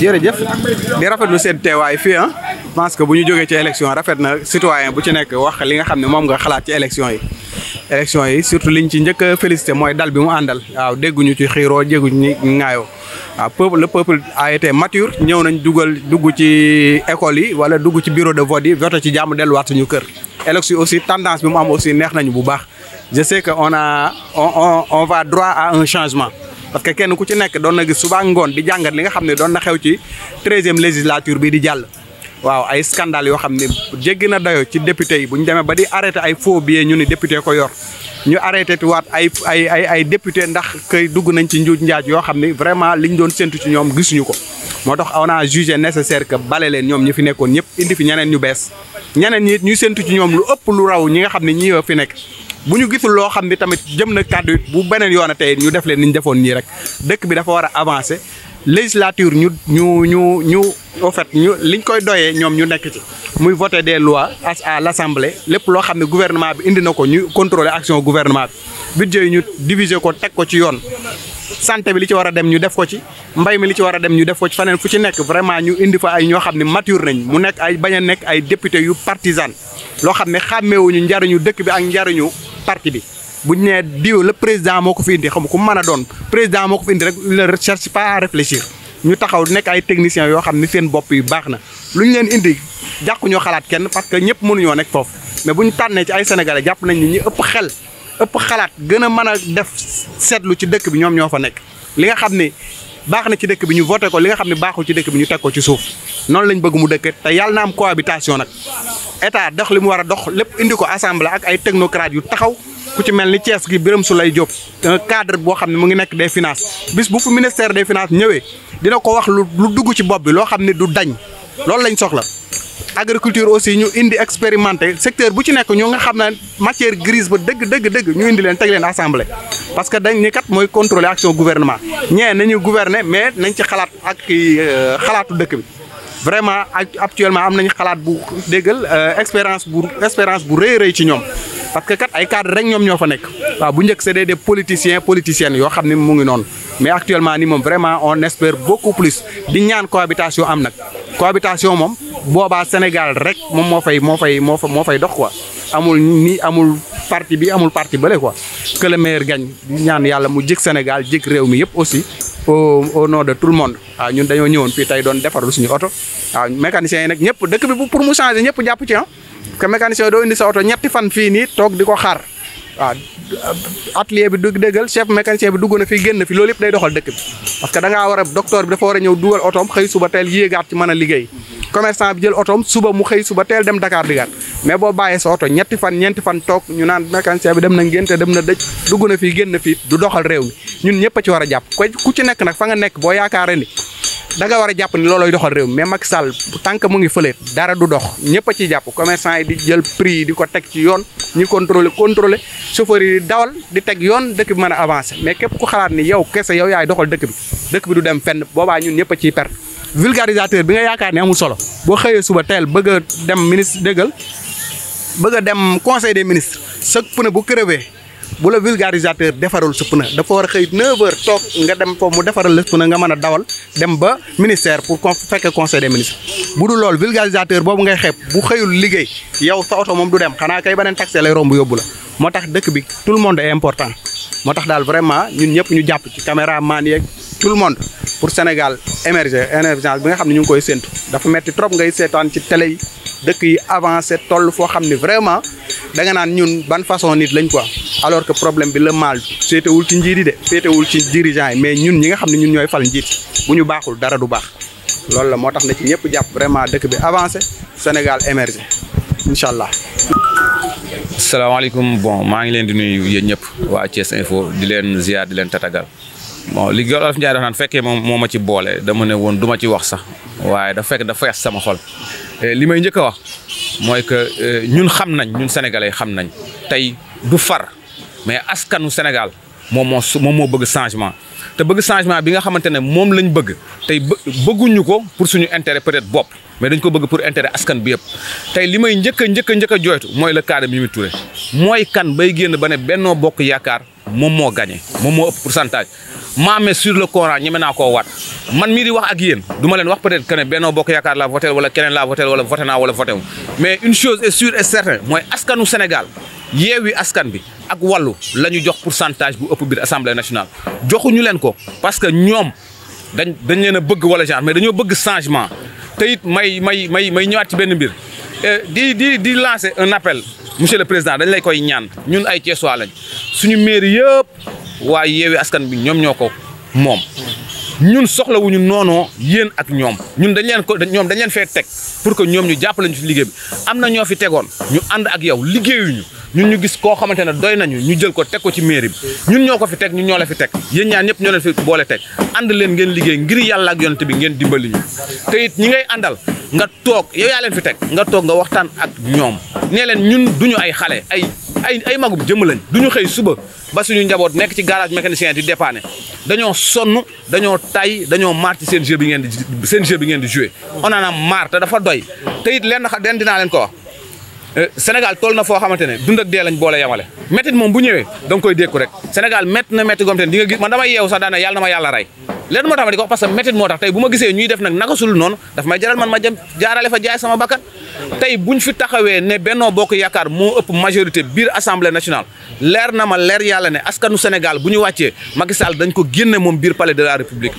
jërëjëf di rafetlu seen teewaay fii ah pense que bu ñu jógee ci élection rafet na citoyen bu ci nekk wax li nga xam ne moom nga xalaat ci élection yi élection yi surtout liñ ci njëkk a félicité mooy dal bi mu àndal waaw dégguñu ci xiiroo dégguñu ñu ŋaayoo waaw peuple le peuple a été mature ñëw nañ dugal dugg ci école yi wala dugg ci bureau de vote yi vote ci jàmm delluwaat suñu kër élection aussi tendance bi mu am aussi neex nañu bu baax je sais que on a on on va droit à un changement parce que kenn ku ci nekk doon na gis suba ngoon di jàngat li nga xam ne doon na xew ci treizième législature bii di jàll. waaw ay scandale yoo xam ne jéggi na dayo ci député yi bu ñu demee ba di arrêté ay faux billets ñu ni député ko yor ñu arrêté waat ay ay ay ay ndax kay dugg nañ ci njuuj njaaj yoo xam ne vraiment liñ doon séntu ci ñoom gisuñu ko. moo tax on a jugé nécessaire que bale leen ñoom ñi fi nekkoon ñëpp indi fi ñeneen ñu bees ñeneen ñi ñuy séntu ci ñoom lu ëpp lu raw ñi nga xam ne ñii yoo fi nekk. bu ñu gisul loo xam ni tamit jëm na kàddu bu beneen yoon a tey ñu def leen ni ñu defoon nii rek dëkk bi dafa war a avancer législature ñu ñu ñu ñu au fait ñu liñ koy doyee ñoom ñu nekk ci muy voter des lois à l'assemblée lépp loo xam ne gouvernement bi indi na ko ñu contrôler action gouvernement bi. budget yi ñu diviser ko teg ko ci yoon santé bi li ci war a dem ñu def ko ci mbay mi li ci war a dem ñu def ko ci faneen fu ci nekk vraiment ñu indi fa ay ñoo xam ne mature nañ mu nekk ay bañ a nekk ay député yu partisan loo xam ne xàmmeewuñu njariñu dëkk bi ak njariñu parti bi bu ñu nee diw la président moo ko fi indi xam ku mën a doon président moo ko fi indi rek il ne recherche pas réfléchir ñu taxaw nekk ay techniciens yoo xam ne seen bopp yu baax na lu ñu leen indi jàkku xalaat kenn parce que ñëpp mënuñoo nekk foofu mais bu ñu ci ay sénégalais jàpp nañ ni ñi ëpp xel ëpp xalaat gën a mën a def seetlu ci dëkk bi ñoom ñoo fa nekk li nga xam ne baax na ci dëkk bi ñu voté ko li nga xam ne baaxul ci dëkk bi ñu teg ko ci suuf noonu lañ bëgg mu dëkk te yàlla na am cohabitation nag état dox li mu war a dox lépp indi ko assemblée ak ay technocrates yu taxaw ku ci mel ni Thiès gi Birame Souleye Diop un cadre boo xam ne mu ngi nekk des finances bis bu fu ministère des finances ñëwee dina ko wax lu dugg ci bopp bi loo xam ne du dañ loolu lañ soxla agriculture aussi ñu indi expérimenté secteur bu ci nekk ñoo nga xam ne matière grise ba dëgg dëgg dëgg ñu indi leen teg leen assemblée parce que dañ kat mooy contrôler action gouvernement ñee nañu gouverner mais nañ ci xalaat ak euh, xalaatu dëkk bi vraiment actuellement am nañu xalaat bu déggal euh, expérience bu expérience bu rëy rëy ci ñoom parce que kat ay cadre rek ñoom ñoo fa nekk bu njëkk c'est des politicien politiciennes yoo xam ni mu ngi noonu mais actuellement ni moom vraiment on espère beaucoup plus di ñaan cohabitation am nag cohabitation moom boobaa Sénégal rek moom moo fay moo fay moo moo fay dox quoi amul nii amul parti bi amul parti bële quoi que le meilleur gagne ñaan yàlla mu jik Sénégal jik réew mi yëpp aussi au au nom de tout le monde waaw ah, ñun dañoo ñëwoon fii tey doon defarlu suñu oto waaw ah, mécaniciens yi nag ñëpp dëkk bi pour mu changer ñëpp jàpp ci ah que mécanicien doo indi sa oto ñetti fan fii nii toog di ko xaar waaw ah, atelier bi dugg dëggal chef mécanicien bi dugg na fi génn fi loolu yëpp day doxal dëkk bi parce que da war a docteur bi a suba teel yéegaat ci mën a liggéey commerçant bi jël otoom suba mu xëy suba teel dem Dakar digaat mais boo bàyyee sa oto ñetti fan ñeenti fan toog ñu naan mécanicien bi dem na ngénte dem na dëj dugg na fii génn fii du doxal réew mi ñun ñëpp ci war a jàpp ko ku ci nekk nag fa nga nekk boo yaakaare ni da nga war a jàpp ni loolooy doxal réew mi mais Macky Sall tànk mu ngi fële dara du dox ñëpp a jàpp commerçant yi di jël prix yi di ko teg ci yoon ñu contrôler contrôler chauffeur yi dawal di teg yoon dëkk bi mën a avancer mais képp ku xalaat ni yow kese yow yaay doxal dëkk bi dëkk du dem fenn boobaa ñun ñëpp ciy perte vulgarisateur bi nga yaakaar ne amul solo boo xëyee suba teel bëgg dem ministre dëggal bëgg dem conseil des ministres sa pneu bu crevé bu la vulgarisateur defarul sa pneu dafa war a xëy 9h toog nga dem foofu mu defaral la pneu nga mën a dawal dem ba ministère pour kon fekkee conseil des ministres. bu dul loolu vulgarisateur boobu ngay xeeb bu xëyul liggéey yow sa oto moom du dem xanaa kay beneen taxi lay romb yóbbu la moo tax dëkk bi tout le monde est important moo tax daal vraiment ñun ñëpp ñu jàpp ci caméraman yeeg. tout le monde pour Sénégal émerger émergence bi nga xam ne ñu ngi koy séntu dafa metti trop ngay seetaan ci télé yi dëkk yi avancé toll foo xam ne vraiment da naan ñun ban façon nit lañ quoi alors que problème bi la maal féetewul ci njiit yi de féetewul ci dirigeant yi mais ñun ñi nga xam ne ñun ñooy fal njiit bu ñu baaxul dara du baax loolu la moo tax na ci ñëpp jàpp vraiment dëkk bi avancé Sénégal émerger incha allah. salaamaaleykum bon maa ngi leen di nuyu yéen ñëpp waa Thiès di leen ziar di leen tatagal bon li Jolof Njaay dafa naan fekkee moom moo ma ci boole dama ne woon du ma ci wax sax waaye da fekk dafa fees sama xol eh, li may njëkk a wax mooy que eh, ñun xam nañ ñun sénégalais xam nañ tey du far mais askanu Sénégal moom moo moom moo bëgg changement te bëgg changement bi nga xamante ne moom lañ bëgg tey bëgguñu ko pour suñu intérêt peut-être bopp mais dañ ko bëgg pour intérêt askan bi yëpp tey li may njëkk a njëkk a jooytu mooy la cas de Mimi mooy kan ba génn ba ne Bokk Yaakaar moom moo gagné moom moo ëpp pourcentage maame sur le Coran ñeme naa koo waat man mii di wax ak yéen du leen wax peut-être que ne Benno Bokk Yaakaar la voté wala keneen la voté wala voté naa wala voté wu mais une chose est sûre et certaine mooy askanu Sénégal yeewi askan bi ak wallu la ñu jox pourcentage bu ëpp biir assemblée nationale joxuñu leen ko parce que ñoom dañ dañ leen a bëgg wala genre mais dañoo bëgg changement teyit it may may may may ñëwaat ci benn mbir euh, di di di lancer un appel monsieur le président dañ lay koy ñaan ñun ay Thiessois suñu mairie yëpp. waa yeewi askan bi ñoom ñoo ko moom ñun soxlawuñu noonoo yéen ak ñoom ñun dañ leen ko ñoom dañ fee teg pour que ñoom ñu jàppale ñu fi liggéey bi am na ñoo fi tegoon ñu ànd ak yow liggéeyuñu ñun ñu gis koo xamante ne doy nañu ñu jël ko teg ko ci mairie bi ñun ñoo ko fi teg ñu ñoo la fi teg yéen ñaan ñëpp ñoo leen fi boole teg ànd leen ngeen liggéey ngir yàlla ak yonte bi ngeen dimbali ñu te it ñi ngay àndal nga toog yow yaa leen fi teg nga toog nga waxtaan ak ñoom nee leen ñun duñu ay xale ay ay ay magum jëm lañ duñu xëy suba ba suñu njaboot nekk ci garage mécanicien di dépanner dañoo sonn dañoo tay dañoo maar ci seen jeu bi ngeen di seen jeu bi ngeen di a dafa doy. te it dinaa leen ko wax euh, Sénégal na foo xamante ne dund ak dee lañ boole yemale. moom bu ñëwee da koy dékku rek Sénégal métti na métti gom te di nga gis man damay yeewu sax daana yàlla na ma a rey. leen moo tax ma di ko wax parce que métit moo tax tey bu ma gisee ñuy def nag naka sul noonu daf ma jëm fa jaay tey bu ñu fi taxawee ne Benno Bokk Yaakaar moo ëpp majorité biir assemblée nationale leer na ma leer yàlla ne askanu Sénégal bu ñu wàccee Macky Sall dañ ko génne moom biir palais de la République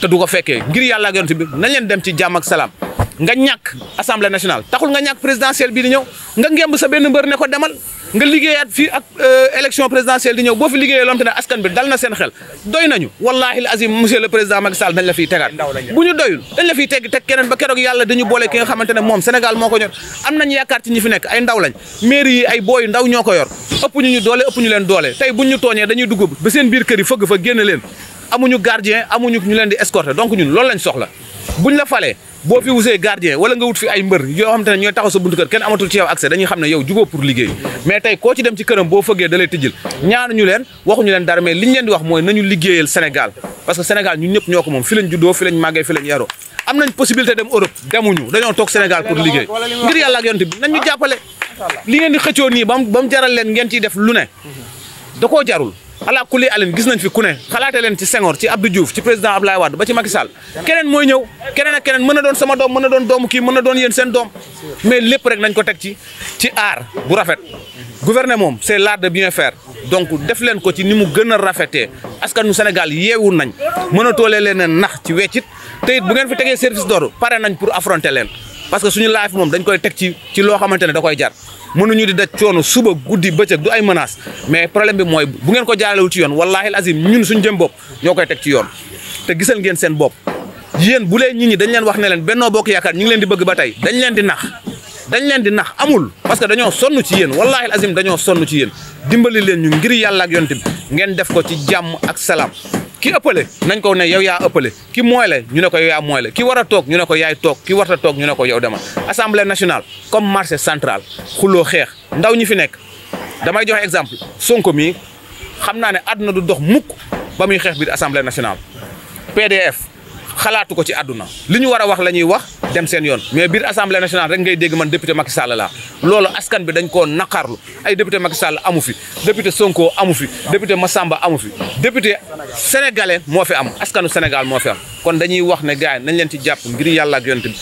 te du ko fekkee ngir yàlla ak bi na leen dem ci jàmm ak salaam nga ñàkk assemblée nationale taxul nga ñàkk présidentielle bii di ñëw nga ngemb sa benn mbër ne ko demal. nga liggéeyaat fii ak euh, élection présidentielle di ñëw boo fi liggéeyee lom askan bi dal na seen xel doy nañu wallahi azim monsieur le président Macky Sall dañ la fiy tegaat bu ñu doyul dañ la fiy teg keneen ba keroog yàlla dañu boole ki nga xamante moom Sénégal moo ko ñor am nañ yaakaar ci ñi fi nekk ay ndaw lañ ay booy ndaw ñoo ko yor ëpp ñu ñu doole ëpp ñu leen doole tey bu ñu tooñee dañuy dugg ba seen biir kër yi fëgg fa génn leen amuñu gardien amuñu ñu leen di escorter donc ñun loolu lañ soxla bu la falee boo fi wusee gardien wala nga wut fi ay mbër yoo xam te ne ñooy taxaw sa buntu kër kenn amatul ci yow accès dañuy xam ne yow juboo pour liggéey mais tey koo ci dem ci këram boo fëggee da lay tëjjil ñaanuñu leen waxuñu leen dara mais liñ leen di wax mooy nañu liggéeyal Sénégal parce que Sénégal ñun ñëpp ñoo ko moom fi lañ juddoo fi lañ yaroo am nañ possibilité dem Europe demuñu dañoo toog Sénégal pour liggéey ngir yàlla ak yonte bi ala kulli alin gis nañ fi ku ne xalaate leen ci Senghor ci Abdou Diouf ci président Abdoulaye Wade ba ci Macky keneen mooy ñëw keneen ak keneen mën a doon sama doom mën a doon doomu kii mën a doon yéen seen doom mais lépp rek nañ ko teg ci ci aar bu rafet gouverner moom c'est l'art de bien faire donc def leen ko ci ni mu gën a rafetee askanu Sénégal yeewu nañ mën a toolee leen nax ci weccit te it bu ngeen fi tegee service d'ordre pare nañ pour affronter leen parce que suñu live moom dañ koy teg ci ci loo xamante ne da koy jar mënuñu di daj coono suba guddi bëccëg du ay menace mais problème bi mooy bu ngeen ko jaaralewul ci yoon wallaahi azim ñun suñ jëm bopp ñoo koy teg ci yoon te gisal ngeen seen bopp yéen bu leen nit ñi dañ leen wax ne leen Benno Bokk Yaakaar ñu ngi leen di bëgg ba tey dañ leen di nax dañ leen di amul parce que dañoo sonn ci yéen wallaahi azim dañoo sonn ci yéen dimbali leen ñu ngir yàlla ak yonent bi ngeen def ko ci jàmm ak salaam ki ëppale nañ ko ne yow yaa ëppale ki moyle ñu ne ko yow yaa ki war a toog ñu ne ko yaay toog ki warta toog ñu ne ko yow demal assemblée nationale comme marché central xuloo xeex ndaw ñi fi nekk damay joxe exemple Sonko mii xam naa ne àdduna du dox mukk ba muy xeex biir assemblée national pdf xalaatu ko ci àdduna li ñu war a wax la ñuy wax dem seen yoon mais biir assemblée nationale rek ngay dégg man député Macky Sall laa loolu askan bi dañ koo naqarlu ay député Macky Sall amu fi député Sonko amu fi député Massamba amu fi député sénégalais moo fi am askanu Sénégal moo fi am kon dañuy wax ne gars nañ leen ci jàpp ngir yàlla ak yonent bi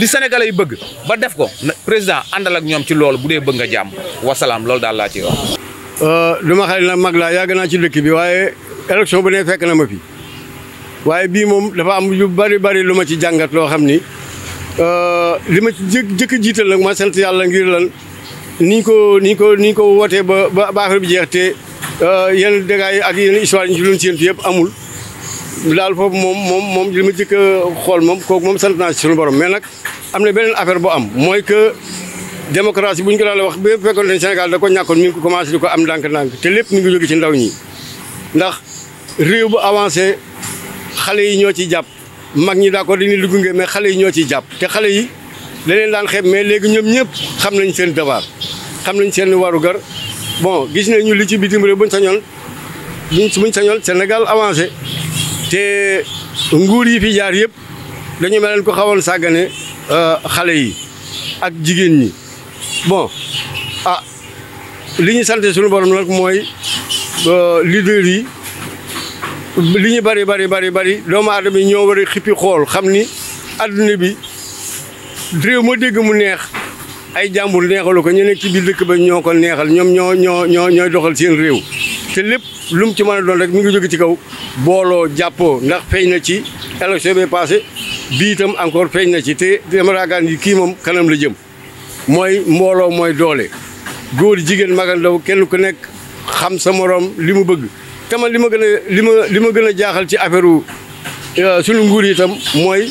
li sénégalais yi bëgg ba def ko président àndal ak ñoom ci loolu bu dee bëgg nga jàmm wasalaam loolu daal laa ciy wax. du euh, ma xëy na mag laa yàgg naa ci dëkk bi waaye élection bu ne fekk ma fi. waaye bii moom dafa am yu bari bari lu ma ci jàngat loo xam ni euh, li ma ci jëkk jiital nag ma sant yàlla ngir lan niñ ko niñ ko niñ ko wootee ba ba affaire bi jeex te euh, yenn dégâts yi ak yenn histoire yi ñu ci doon yëpp amul daal foofu moom moom moom li ma jëkk xool moom kooku moom sant naa si suñu borom mais nag am na beneen affaire bu am mooy que démocratie bu ñu ko daal wax ba fekkoon ne senegal da ko ñàkkoon mi ko commencé di ko am ndànk-ndànk te lépp mi ngi jóge ci ndaw ñi ndax xale yi ñoo ci jàpp mag ñi d'accord dañuy di gunge mais xale yi ñoo ciy jàpp te xale yi leneen daan xeeb mais léegi ñoom ñëpp xam nañ seen devoir xam nañ seen warugar bon gis ñu li ci bitim réew buñ sañoon buñ buñ sañoon Sénégal avancé te nguur yi fi jaar yëpp dañu mel leen ko xawoon sàggane euh, xale yi ak jigéen ñi bon ah li ñu sant suñu borom nag mooy euh, leader yi li ñu bari bari bari bari doomu aadama yi ñoo war a xippi xool xam ni adduna bi réew ma dégg mu neex ay jàmbur neexalu ko ñu nekk ci biir dëkk ba ñoo ko neexal ñoom ñoo ñoo ñooy doxal seen réew te lépp lu mu ci mën a doon rek mu ngi jóge ci kaw booloo jàppoo ndax feeñ na ci élection bi passé bii itam encore feeñ na ci te dama raagaar kii moom kanam la jëm mooy mbooloo mooy doole góor jigéen mag ak ndaw kenn ku nekk xam sa moroom li mu bëgg te man li ma gën a li ma li ma gën a jaaxal ci affaire euh, suñu nguur yitam mooy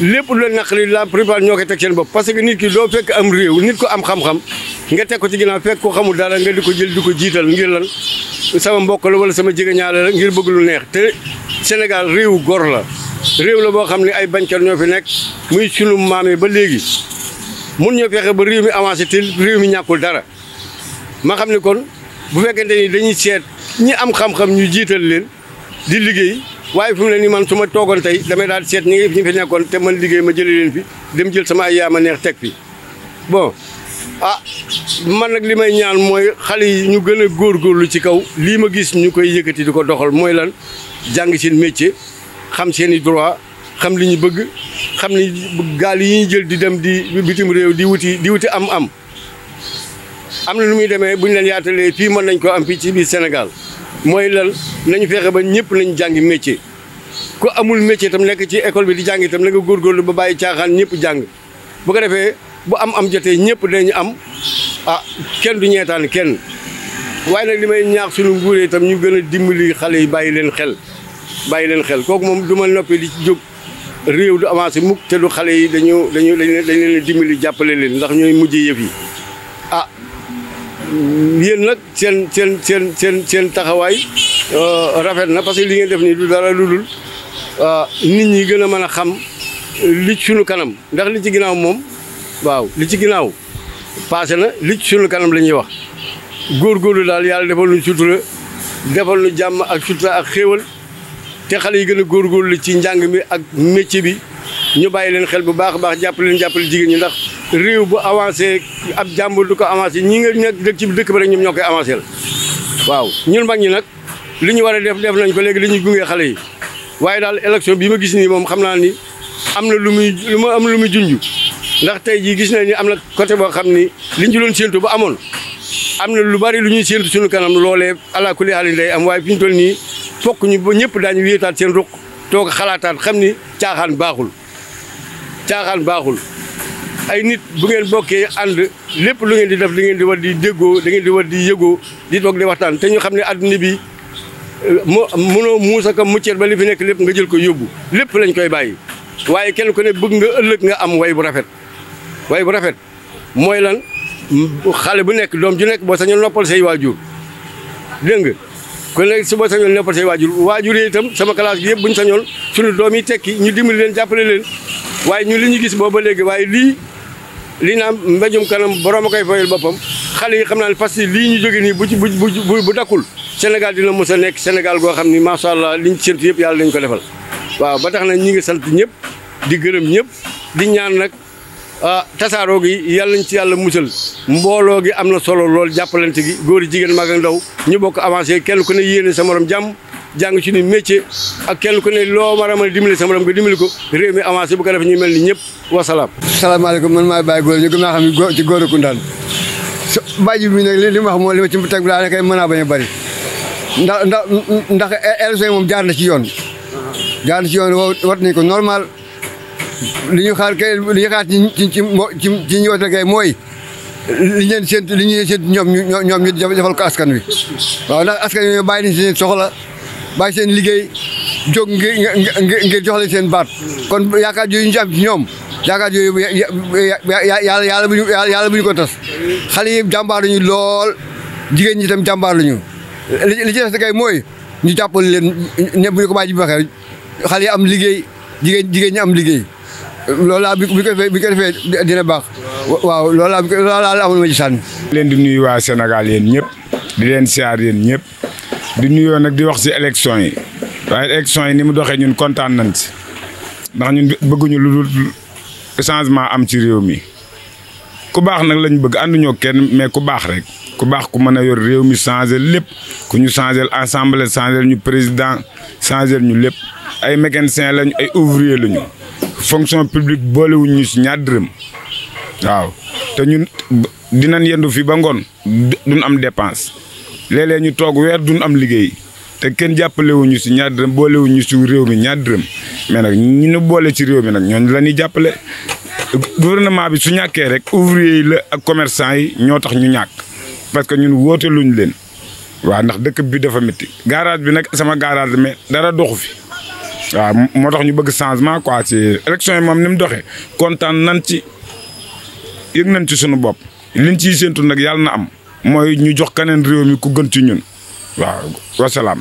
lépp lu naq naqari la prévoir ñoo koy teg seen bopp parce que nit ki doo fekk am réew nit ko am xam-xam nga teg ko ci ginnaaw fekk ko xamul dara nga di ko jël di ko jiital ngir lan sama mbokk la wala sama jegeñaale la ngir bëgg lu neex te Sénégal réewu góor la réew la boo xam ne ay bañkat ñoo fi nekk muy sunu maam yi ba léegi mun ñoo fexe ba réew mi avancé te réew mi ñàkkul dara ma xam ne kon bu fekkente ni dañuy seet. ñi am xam-xam ñu jiital leen di liggéey waaye fu mu ne nii man su ma tey damay daal seet ñi ngi fi nekkoon te man liggéey ma jëlee leen fi dem jël sama ay ma neex teg fi bon a ah, man nag li may ñaan mooy xale yi ñu gën a góorgóorlu ci kaw lii ma gis ñu koy yëkkati di ko doxal mooy lan jàng seen métier xam seen i droit xam li ñu bëgg xam ni gaal yi ñuy jël di dem di bitim réew di wuti di am am am na nu muy demee bu ñu leen yaatalee fii mën nañ ko am fii ci biir Sénégal mooy lal nañu fexe ba ñëpp nañ jàngi métier ku amul métier tam nekk ci école bi di jàng itam na nga góorgóorlu ba bàyyi caaxaan ñëpp jàng bu ko defee bu am am jotee ñëpp dañu am ah kenn du ñeetaan kenn waaye nag li may ñaax suñu nguuree itam ñu gën a dimbali xale yi bàyyi leen xel bàyyi leen xel kooku moom du ma noppi di jóg réew du avancé mukk te du xale yi dañu dañu dañ leen dimbali jàppale leen ndax ñooy mujj yëf yi yéen nag seen seen seen seen seen taxawaay euh, rafet na parce que ngeen def nii du dara lu dul euh, nit ñi gën a mën a xam li sunu kanam ndax li ci ginnaaw moom waaw li ci ginnaaw passé na li ci sunu kanam la ñuy wax góorgóorlu daal yàlla defal nu sutura defal nu jàmm ak sutura ak xéewal te xale yi gën a góorgóorlu ci njàng mi ak métier bi ñu bàyyi leen xel bu baax a baax jàppale leen jàppale jigéen ñi ndax réew bu avancé ab jàmbur du ko avancé ñi nga nekk dëkk ci dëkk ba rek ñoom ñoo koy avancé la waaw ñun mag ñi nag li ñu war a def def nañ ko léegi dañuy gunge xale yi waaye daal élection bi ma gis nii moom xam naa ni am na lu muy lu ma am lu muy junj ndax tey jii gis naa ni am na côté boo xam ni liñ ci doon séentu ba amoon am na lu bari lu ñuy séentu suñu kanam loolee ala kulli haal day am waaye fi ñu toll nii fokk ñu ba ñëpp daañu wéetaat seen ruq toog xalaataat xam ni caaxaan baaxul caaxaan baaxul. ay nit bu ngeen bokkee ànd lépp lu ngeen di def da ngeen di war di déggoo da ngeen di war di yëgoo di toog di waxtaan te ñu xam ne adduna bi eh, mu mënoo muusaka muccet ba li fi nekk lépp nga jël ko yóbbu lépp lañ koy bàyyi waaye kenn ku ne bëgg nga ëllëg nga am way bu rafet way bu rafet mooy lan xale bu nekk doom ju nekk boo sañoon noppal say waajur dégg nga kon nag su boo sañoon noppal say waajur waajur yi itam sama classe bi yëpp bu ñu sañoon suñu doom yi tekki ñu dimbali leen jàppale leen waaye ñu li gis booba léegi waaye lii li naan mbéjum kanam borom a koy fayal boppam xale yi xam naa ne parce que lii ñu jóge nii bu ci bu bu bu dakkul Sénégal dina mos a nekk Sénégal goo xam ni macha allah liñ séntu yëpp yàlla dañ ko defal. waaw ba tax na ñi ngi sant ñëpp di gërëm ñëpp di ñaan nag ah tasaaroo gi yàlla nañ ci yàlla musal mbooloo gi am na solo lool jàppalante gi góor yi jigéen mag ndaw ñu bokk avancé kenn ku ne yéene sa morom jàmm. jàng ci ni métier ak ku ne loo war a mën a dimbali sama ko réew mi avancé bu ko defee ñu mel ni ñëpp wasalaam. salaamaaleykum man maay Baye Gora ñu gën maa xam ne ci Gora Koundane su bàyyi bi nag li li ma wax moom li ma ci teg daanaka mën naa bañ a bëri ndax ndax ndax élection yi moom jaar na ci yoon. jaar na ci yoon wat nañ ko normal li ñu xaar kay li ñu xaar ci ci ci ci ñu wote kay mooy. li ñu leen séntu li ñu leen séntu ñoom ñu ñoom ñu defal ko askan wi waaw ndax askan wi bàyyi nañ soxla bàyyi seen liggéey jóg ngir ngir jox leen seen baat kon yaakaar yooyu ñu ci am ci ñoom yaakaar yooyu yàlla yàlla bu ñu yàlla bu ñu ko tas xale yi jàmbaar lañu lool jigéen ñi itam jàmbaar lañu li mooy ñu jàppale leen ne ñu ko bàyyi bi waxee am liggéey jigéen jigéen ñi am liggéey loolu laa bi ko bi ko defee dina baax waaw loolu laa loolu ma ci sànni leen di nuyu waa Sénégal yéen ñëpp di leen siyaar yéen ñëpp du di nuyoo nag di wax si élection yi waaye élection yi ni mu doxee ñun kontaan nañ si ndax ñun bëgguñu lu dul changement am ci réew mi ku baax nag lañ bëgg ànduñoo kenn mais ku baax rek ku baax ku mën a yor réew mi changé lépp ku ñu changé assemblée changé ñu président changé ñu lépp ay mécanicien lañ ay ouvrier lañu fonction publique boolewuñ ñu si ñaar dërëm waaw te ñun dinañ yendu fi ba ngoon duñ am dépense. léeg ñu toog weer duñ am liggéey te kenn jàppalewuñu si ñaar dërëm ñu si réew mi ñaar dërëm mais nag ñu nu boole ci réew mi nag ñoon la ñuy jàppale gouvernement bi su ñàkkee rek ouvrier yi la ak commerçant yi ñoo tax ñu ñàkk parce que ñun woote luñ leen waaw ndax dëkk bi dafa métti garage bi nag sama garage mais dara doxu fi waaw moo tax ñu bëgg changement quoi ci élection yi moom ni mu doxee kontaan nan ci yëg nañ ci sunu bopp liñ ciy séentu nag yàlla na am mooy ñu jox keneen réew mi ku gën ci ñun waaw wasalaam.